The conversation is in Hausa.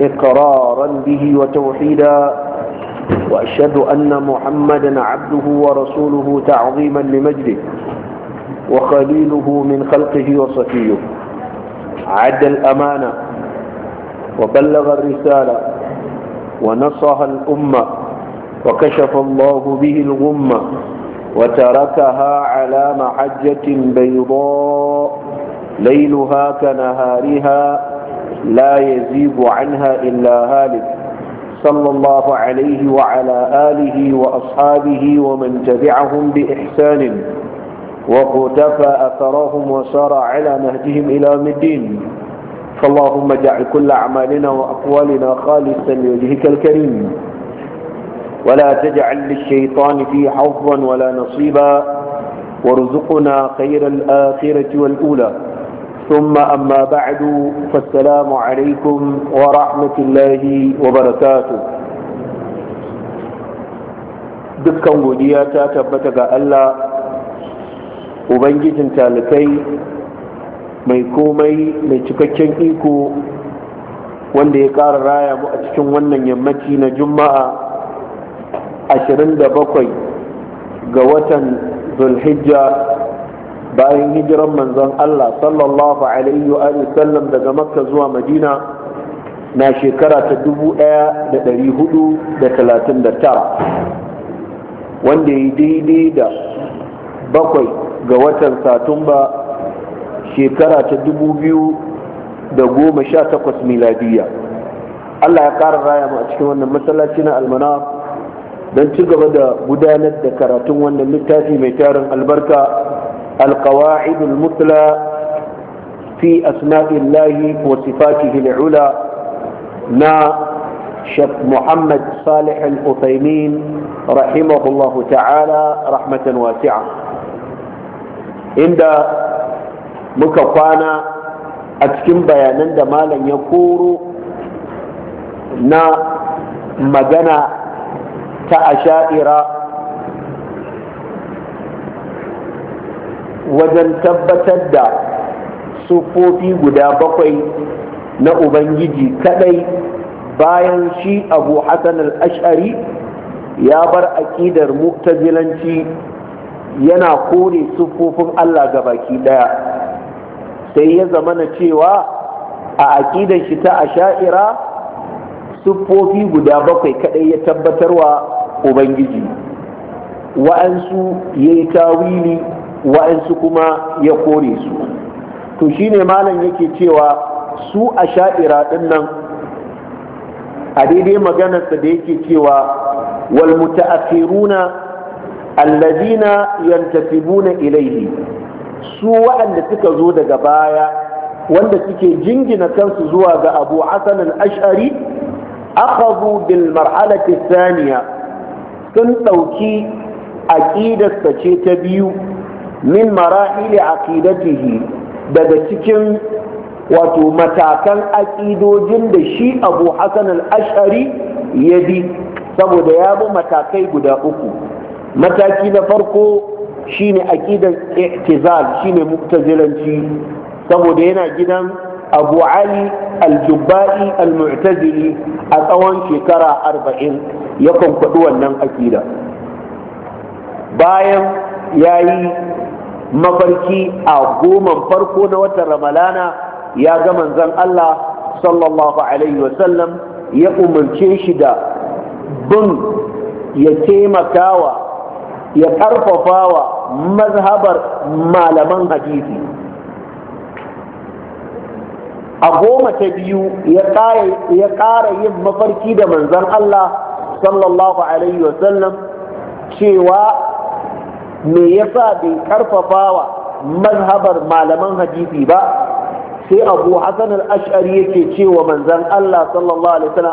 إقرارا به وتوحيدا وأشهد أن محمدا عبده ورسوله تعظيما لمجده وخليله من خلقه وصفيه عد الأمانة وبلغ الرسالة ونصها الأمة وكشف الله به الغمة وتركها على محجة بيضاء ليلها كنهارها لا يزيد عنها إلا هالك صلى الله عليه وعلى آله وأصحابه ومن تبعهم بإحسان وقتفى أثرهم وسار على نهجهم إلى مدين فاللهم اجعل كل أعمالنا وأقوالنا خالصا لوجهك الكريم ولا تجعل للشيطان فيه حظا ولا نصيبا وارزقنا خير الآخرة والأولى ثم أما بعد فالسلام عليكم ورحمة الله وبركاته dukkan godiya ta tabbata ga Allah Ubangijin talikai mai komai mai cikakken iko wanda ya ƙara raya mu a cikin wannan yammaci na juma'a 27 ga watan zulhijja bayan hijiran manzon Allah sallallahu alaihi wa sallam daga makka zuwa madina na shekara ta 1439 wanda ya daidai da bakwai ga watan satumba shekara ta 2018 miladiya Allah ya ƙara raya mu a cikin wannan masallaci na almana don ci gaba da gudanar da karatun wannan littafi mai tarin albarka القواعد المثلى في أسماء الله وصفاته العلى نا شيخ محمد صالح الأثيمين رحمه الله تعالى رحمة واسعة عند مكفانا أتكم بيانا دمالا يقول نا مجنى تأشائر wajen tabbatar da sufofi guda bakwai na ubangiji kadai bayan shi abu hassan al-ash'ari ya bar aƙidar mu'tazilanci yana kore sufofin allah baki daya sai ya zamana cewa a aƙidar shi ta asha'ira siffofi guda bakwai kadai ya tabbatarwa ubangiji wa'ansu ya yi tawili wa'ansu kuma ya kore su to shine malam yake cewa su a sha'ira ɗin nan a daidai maganarsa da yake cewa wal muta'akhiruna allazina yantasibuna ilaihi su waɗanda suka zo daga baya wanda suke jingina kansu zuwa ga abu hasan al-ash'ari akhadhu bil marhalati thaniya sun ɗauki aqidarsa ce ta biyu min marahili aqidatihi daga cikin wato matakan aƙidojin da shi abu hasan al-ash'ari ya bi saboda ya bi matakai guda uku mataki na farko shine aƙidar i'tizal shine mu'tazilanci saboda yana gidan abu ali al-jubba'i al-mu'tazili a tsawon shekara arba'in ya kwankwaɗi wannan aƙida bayan ya yi mafarki a goma farko na watan ramalana ya ga manzan Allah sallallahu alaihi wasallam ya umarce shi da bin ya taimakawa ya ƙarfafawa mazhabar malaman hadisi a goma ta biyu ya ƙara yin mafarki da manzon Allah sallallahu alaihi wasallam cewa me yasa bai karfafawa mazhabar malaman hadisi ba sai abu hasan al-ash'ari yake cewa manzon Allah sallallahu alaihi wasallam